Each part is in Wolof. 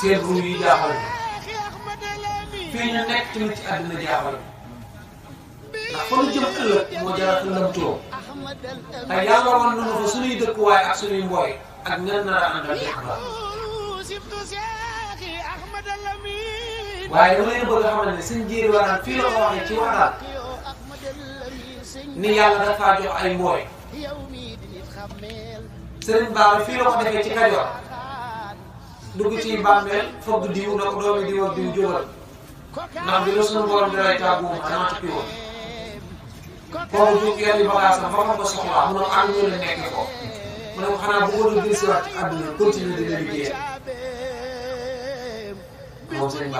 seen ruuy yi jaaxal fii ñu nekk tamit ci àddina jaaxal ndax fa nu jëm ëllëg moo jaral ëllëgtoo te yàlla waroon nañu fa suñuy dëkkuwaay ak suñuy mbooy ak ñan nar a àndal di xam waaye dama leen bëgg a xamal ne seen jéeri a fii la ci waxtaan ni yàlla dafa jox ay mbooy sëriñ Ba fii la ko defee ci dugg ci bàmmeel fogg diw na ko doomi diw ak diw jógal ndax bi la suñu borom di rey tàgguwum dama tukki woon kooku jug yenn bagaas na ba ko ko soxlaa mu ne ah, nekk ko mu ne xanaa bu ko dul si waat ci àdduna continue di la liggéeyal moom sëñ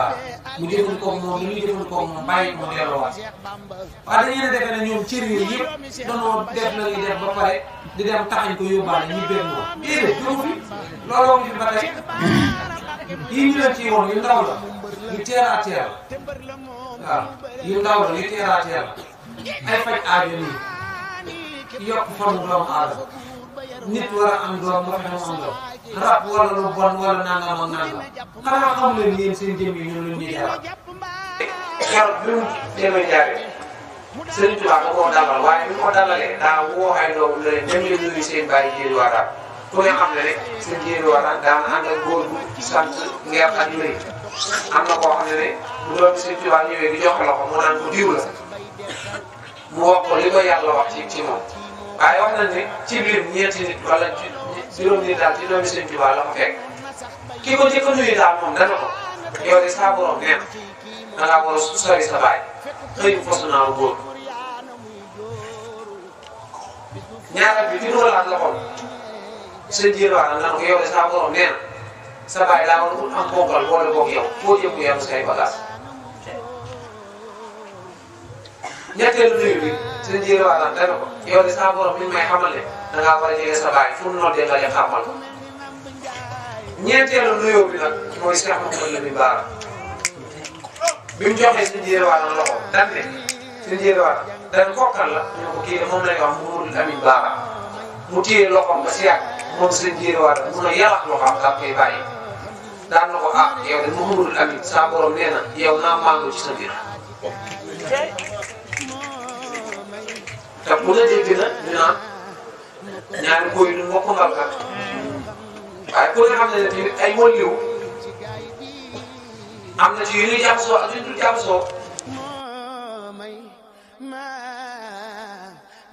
mu jëlee ko moom li ñu jëlee ko moom bàyyi ko mu delloowaat waaye dañuy defe ne ñoom cër yooyu yëpp def la ñuy def ba pare di dem taxañ ko yóbbaale ñu benn ko. déedéet loolu moom fi ba tey yii ñu leen ciy woon yu ndaw la yu teel a teel waaw yu ndaw la yu teel a teel ay faj aajo nii yokk fan mu doomu aadama. nit war a am doom war a am doom rab wala lu bon wala nangam ak nangam xanaa xam leen yéen seen jëm yi ñun ñu jaral. xel bi mu demee jaaree Sëriñ Tuubaa da koo dalal waaye bi mu ko dalalee daa woo ay doom la leen dem leen nuyu seen bàyyi jéeri waataan ku ne xam ne rek seen jéeri waataan daan ànd ak góor gu sant ngeer ak lëy am na koo xam ne ne bu doon Sëriñ Tuubaa ñëwee di jox loxo mu naan ko diw la mu wax ko li ko yàlla wax ci ci waaye wax ni ci biir ñeenti nit wala juróomi nit daal ci doomi Sëñ Tuubaa la ko fekk ki ko njëkk a nuyu daal moom dana ko yow de saa borom nee na da ngaa war a sori sa baay xëy na fos naa góor ñaareel bi fi dugalaat la xool sëñ Diélu waat na ko yow de saa borom nee na sa baay daa war a am ponkal boole boog yow foo jëm mu yem say bagage ñetteelu nuyu bi. suñu jiir waalaan dana sa borom mi a jege sa baay fu mu noddee nga dem mu joxee loxo dan ne suñu jiir waalaan dan kokkal la ñu ba si yàgg a ko ah yow de Mouhamadou Lamine yow naa màngo ci sa bu la dégg nag ñu naan ñaari góor yi du mbokk ngal kat waaye ku nga xam ne tamit ay wëlliw am na ci yu ñuy jaxasoo ak yu ñu dul jaxasoo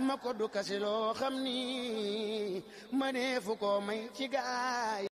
ma ko du kasi xam ni ma ne fu ko may ci gaay